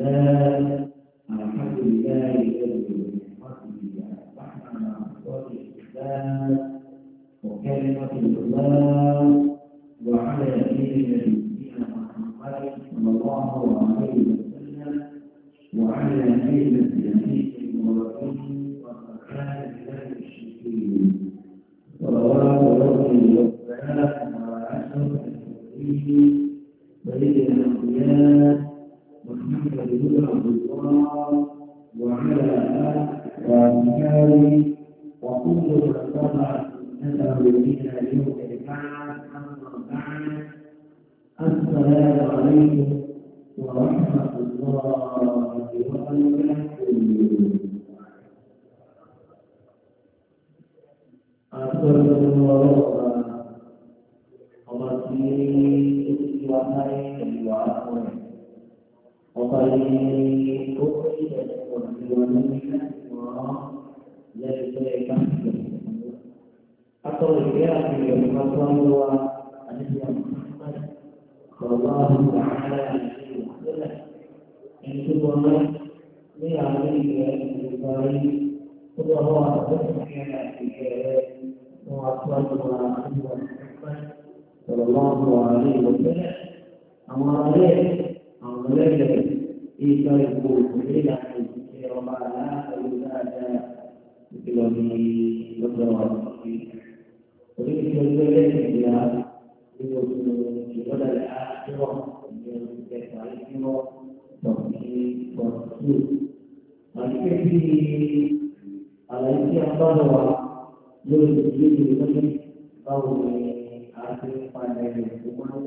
لله الحمد لله الذي بنعمته أصبحنا أصوات الإسلام وكلمة الله وعلى دين نبينا محمد صلى الله عليه وسلم وعلى ملة نبيه ورسوله وسبحان الله الشكيم صلوات ربي وسلامه على أشرف المرسلين وكل من وضع نسب الدين يوم بعد أما بعد السلام عليكم ورحمة الله وبركاته وقال لي أخرج لكم في ونبيك التي تلك أقول الكافي رضوان الله أنه محمد صلى الله تعالى عليه وسلم إن تكون من عليه البخاري قل هو تسمع في وأصوات محمد صلى الله عليه وسلم أما عليه أما عليه إيسا يقول إلى أن يسير معنا ìlọ ní lọ́dọ̀ àti oníṣẹ́ ìlú ẹlẹ́yìnlá ní oṣù ìlọ́dà àjọ ìlú ẹ̀ka ìlú tọ̀kì tọ̀kì. Àti bí àlàyé tí a bá lọ wà lórí ìlú ìlú báwo ni a ti ń padà ilẹ̀ tó máa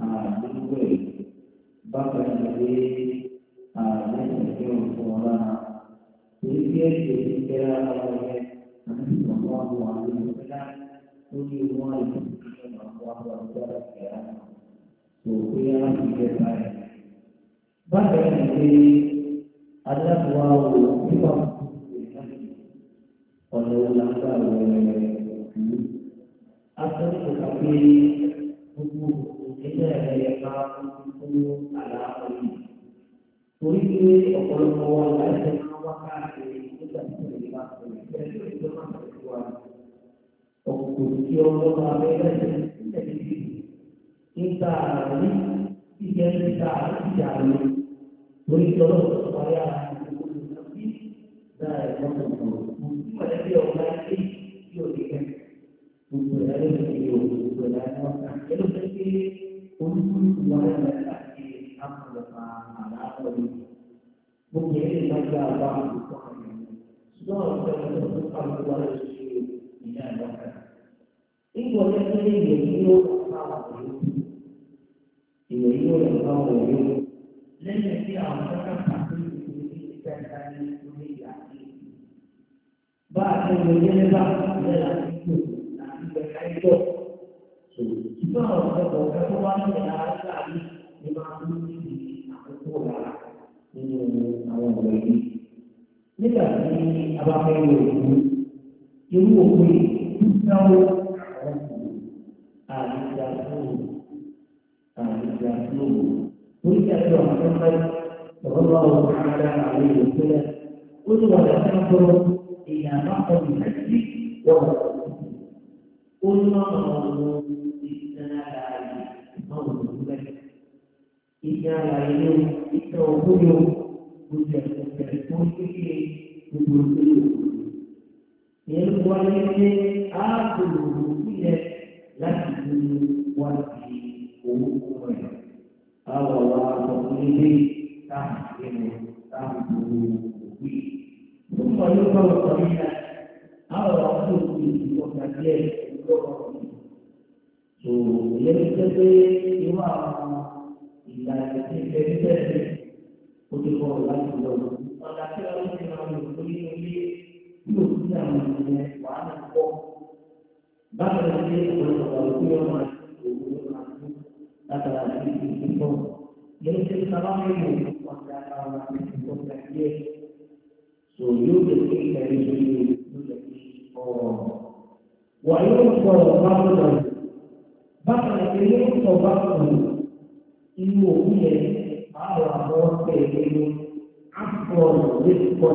啊，珍贵。八个人的的啊，也挺幸福的。一些事情给他的那些，很多帮助啊，你不然，估计我也不是什么帮助，多的很。我不要你的爱。八个人的的，阿拉伯话我不懂。Kalau langkah oleh Asal tetapi Hukum ẹgbẹ́ rẹ̀ yẹpa fún àlàáfíà. Torí pé ọ̀pọ̀lọpọ̀ wa láìpẹ́ máa wá káàkiri nígbà tí kò lè bá sọ̀rọ̀ pẹ̀lú ìjọ máa sọ̀rọ̀ sí wa. Ọ̀pọ̀ tí ọlọ́mọ abẹ́rẹ́ rẹ̀ sílẹ̀ níbi níta àárín ìjẹ́ níta ìjà rẹ̀ lórí ìjọba ìpàyà ìgbòho bí dáa ẹ̀kọ́ tuntun. Mo ti mọ̀lẹ́bí ọ̀gá ilé yóò dé kẹ́. Gbogbo ẹ̀rọ ìgbòho gbogbo ẹ̀rọ ìgbòho nígbà tí a bá fẹ́ lo òkú irú òkú yìí náwó Yang kualiti aku, yang láti fi wá sí orúkọ rẹ̀. Báwo wá sọ fún ilé táwọn ìlú táwọn ìlú òbí? Púpọ̀ ló bá wọ̀ nígbà àwọn ọmọ tó ti ìwọ̀n àti ẹ̀ lọ́wọ́. Tò yẹ kí ṣe pé irú àwọn ìlànà tí ìfẹ́ ó ti kọ́ láti lọ. Ọ̀nà tí wọ́n ti máa lò lórí ilé yóò sí àwọn ìyẹn wàhálà pọ̀ bákan náà ṣe ọ̀pọ̀lọpọ̀ àwọn òkú ọmọ àti òwúrọ̀ àti látara àti ìdìbò yẹn ṣe sábà mẹ́rin òkú àti àtàwọn àti ìdìbò kàkíyẹ so yóò lè ṣe ìtẹ̀lé ṣe yóò lè ṣe ọ̀rọ̀ wà yóò sọ bákan náà bákan náà ṣe yóò sọ bákan náà inú òkú yẹn máa ọ̀rọ̀ lẹ́sìkọ́nà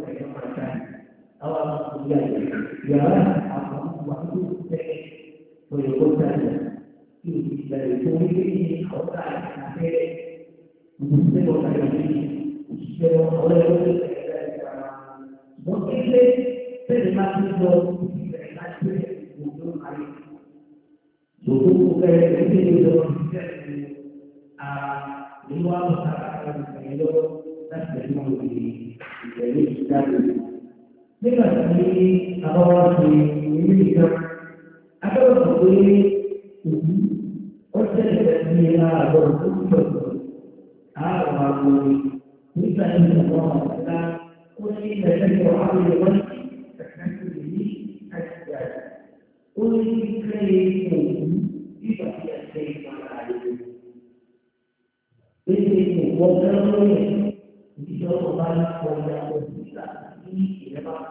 a batua hito txiki proiektuak eta ikasteko funtsezkoak daude. Besezko bat daude. Zer hau da? Gutik ez da baina ez da ezagutzen. Gutik ez da ezagutzen. A, denbora tarataren taldeak da ez da nígbà tí àbáwá ṣe ìwé nìkan akẹ́kọ̀ọ́ sọ pé òbí ó tẹ̀lé ní àgbọ̀ tó ń bọ̀ àwọn àwọn nígbà tí àwọn ọ̀gá ó ní ìrẹ̀lẹ̀ ọ̀há lè wọ́n sí ẹ̀kẹ́kọ̀ọ́ yìí àti ìyàrá ó ní kíkẹ́ òbí nígbà tí a ṣe ìpàdé àyè. Bẹ́ẹ̀ni ìwọ̀n náà lóyè ìjọba bá ń kọjá òbí láti ní ìrẹ́pàá.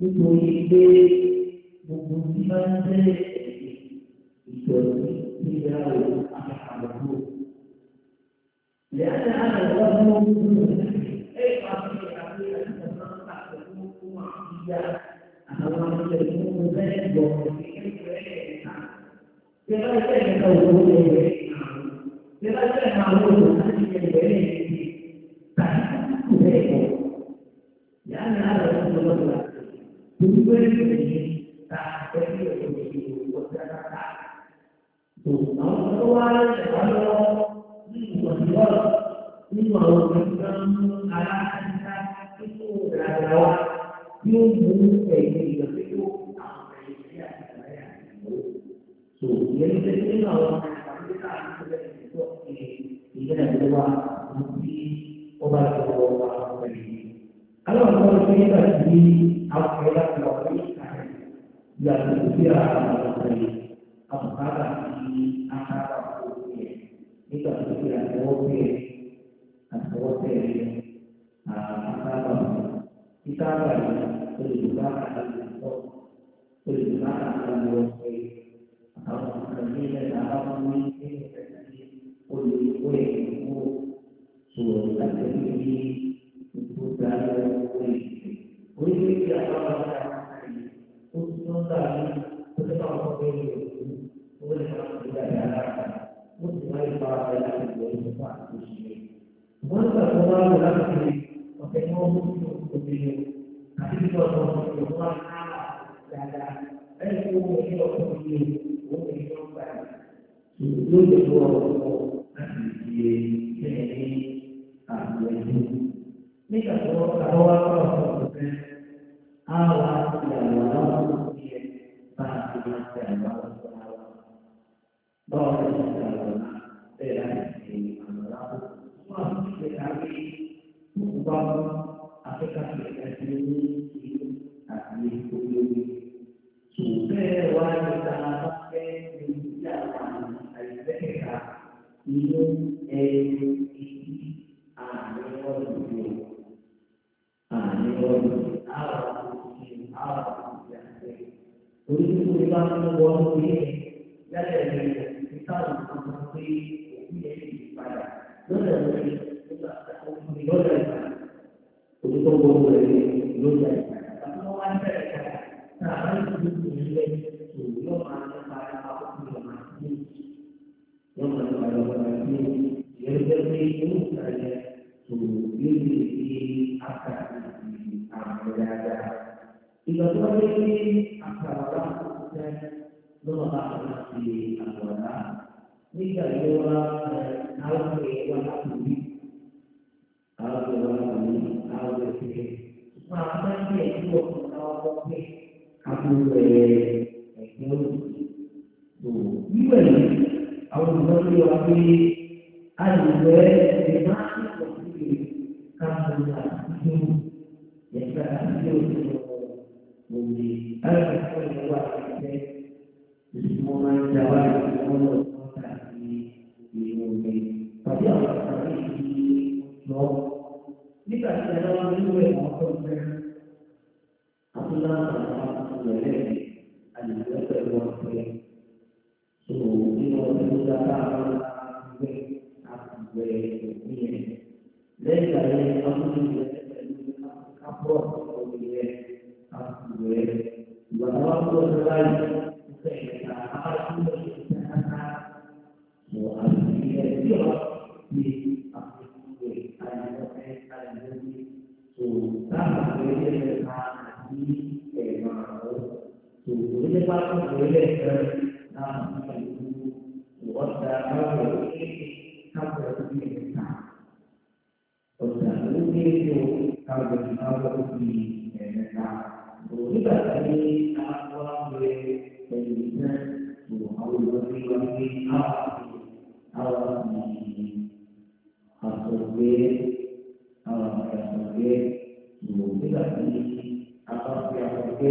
一朵云的，我不及半生；一个梦，只留我独自漫步。两两的路，一花一世界；三三的路，满地的花。四四的路，怎走？五五的路，怎走？六六的路，怎走？七七的路，怎走？people على وجهي أخذت الذين تعرفوا من كيف قل ويحبوا سورة الكريم كنت على وجهي ويحبك أخذت كنت على وتتعرف بيني وبينك والحمد لله على مسلم أيضا على الأهل والمصاحب والشيء وأنت الله لك yóò lè tó ọ̀rọ̀ pọ̀ láti fi ṣe ní àgbò ẹ̀jú. Nígbà tó àwọn wá bá ọ̀rọ̀ ọ̀rọ̀ fẹ́, á wá sí àwọn aláwọ̀ tó fi ẹ̀ bá a ti máa ṣe àwọn aláwọ̀ tó wá. Báwo ni wọ́n ṣe àwọn aláwọ̀ bẹ́ẹ̀ láti ṣe àwọn aláwọ̀ tó wà ní ṣe kárí gbogbo bá wọn akẹ́kọ̀ọ́ ní ìlú àti orí omi. Sùn bẹ́ẹ̀ wá ní ta inú ẹni tí àárín ọ̀dùn yìí àárín ọ̀dùn yìí àárín yìí àárín yìí àti onídùúgbò bá ń wọ ọdún yìí lálẹ́ rẹ̀ níta òkú pé òkú yẹn ti padà lọ́dọ̀ lórí. yọ pé alùpùpù ẹ̀ máa ń pọ̀ sí i káàkiri àdúgbò yẹ̀ka àdúgbò tó wọ̀ ní alùpùpù ẹ̀ wà lẹ́sẹ̀ ìṣúná máa ń dá wà lọ́wọ́ lọ́wọ́ káàkiri ìlú omi. Pàdé àwọn àgbà yìí lọ nígbà tí a lọ́wọ́ nínú ẹ̀ आपको आपको वह आपको वह लगाव को लगाई àtọ̀gbé àwọn àti àtọ̀gbé ìwò nígbà tí a bá fi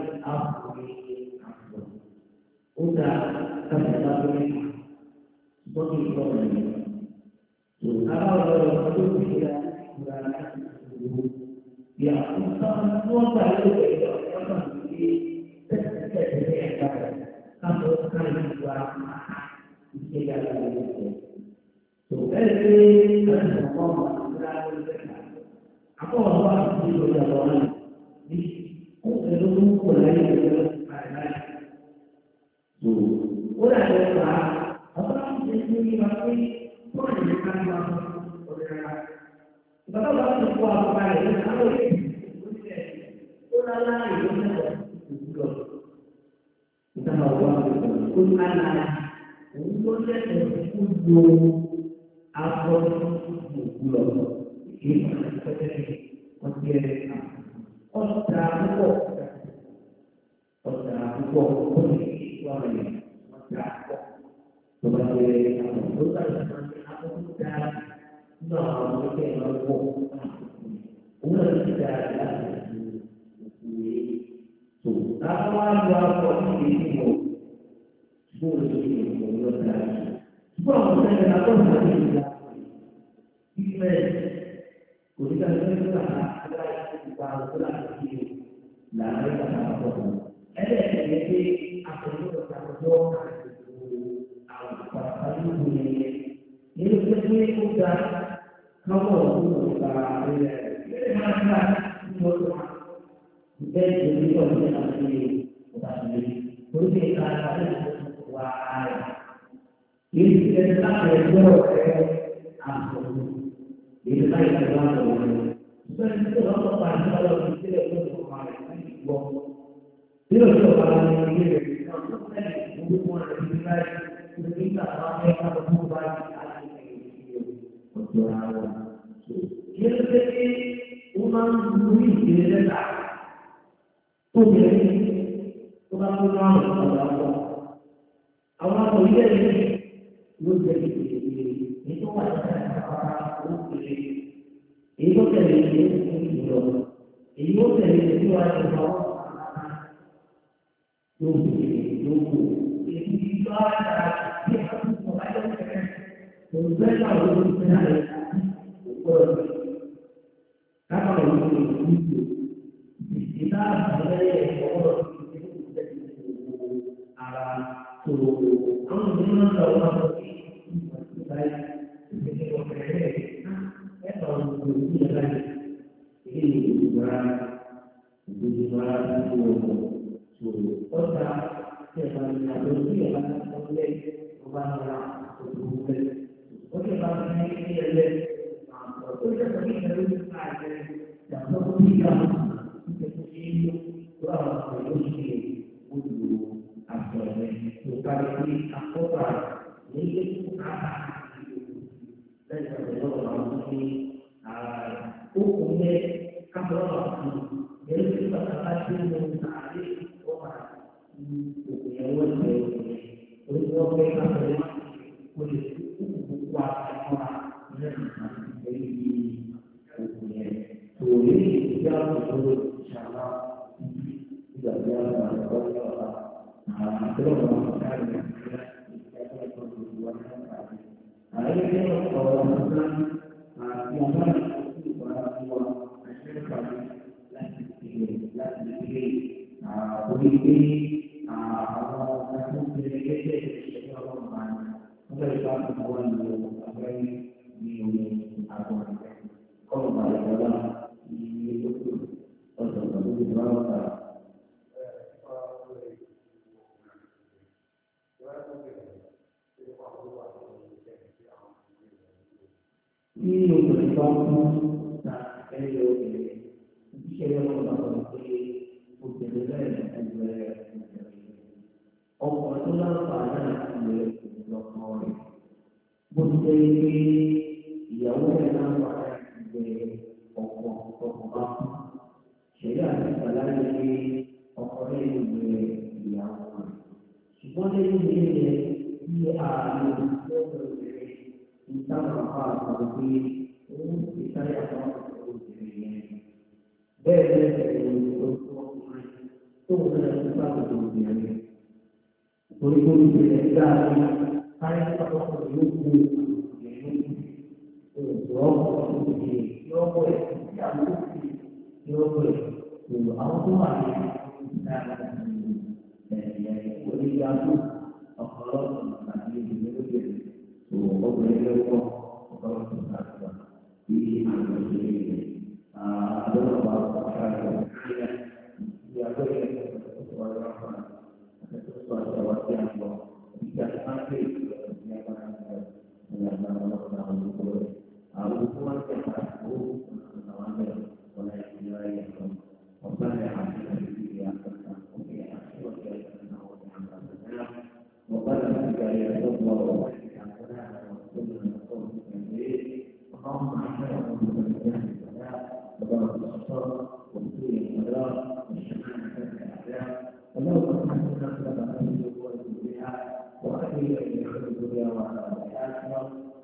lọ́wọ́ rẹ̀ kẹta. Bàbá bàbá tó kó àwọn ọba rẹ̀ lọ́nà àwọn èyí ìgbésẹ̀ ó lálá ìlú náà ìgbúdọ̀. Ìtàn àwọn ọba tó lálá òun ló lẹ́tọ̀ọ́ kó lo abọ́ ìgbúdọ̀. Èyí máa ń pẹ́ ọtí ẹ̀rẹ́ kan. Ọ̀sà púpọ̀ ọ̀sà púpọ̀ ó ní ìwà rẹ̀ ọ̀sà púpọ̀. Bàbá rẹ̀ àwọn ọ̀sà púpọ̀. Non, perché non lo può. Una città è la città di cui tu. La tua anima è la tua città di cui tu. Tu vuoi sentire la tua città di cui tu. Ti prego, così da non essere la tua città di cui tu. La tua città di cui tu. Ed è che a questo punto la tua zona è la tua città di cui tu. E lo che ti è contato 他说：“我父母家不对？因为他出来说作了，你天你们做一点生我不太你，不是以他一直喜啊。你使在大学之后，他也安分。一直待在老家里面。虽然说他老伴儿到了年纪了，就不好只有说他一个像现在，不管了，现在年纪大了，他也差不多不干 ọ̀dọ̀ ara wọn. Kí ló dé pé wọ́n máa ń mú ìdílé lẹ́tà tó bẹ̀rẹ̀ tó bá tó máa ń ọ̀dọ̀ àwọn àwọn àwọn وبين الرسول các bagi akora milik apa dan cũng orang ini hukumnya kalau y lo que estamos ìṣẹ̀lẹ̀ wọn bá wọn pé obìnrin náà ní ẹgbẹ́ obìnrin ọkọ̀ tó láǹfààní àti ilẹ̀ ìlọ́kọ̀ rẹ̀ bó ti jẹ́ pé ìyàwó rẹ̀ láǹfààní àti ilẹ̀ ọkọ̀ ọkọ̀ bá kú ṣẹ̀lẹ̀ àti ìgbàláyé pé ọkọ̀ rẹ̀ yóò gbé ìyàwó rẹ̀ ṣùgbọ́n lẹ́yìn ìgbésẹ̀ bí ààrùn ìgbésẹ̀ ìtàn àpá àtàwọn pé. يكون في الإنسان فإن تفقد يكون lọ.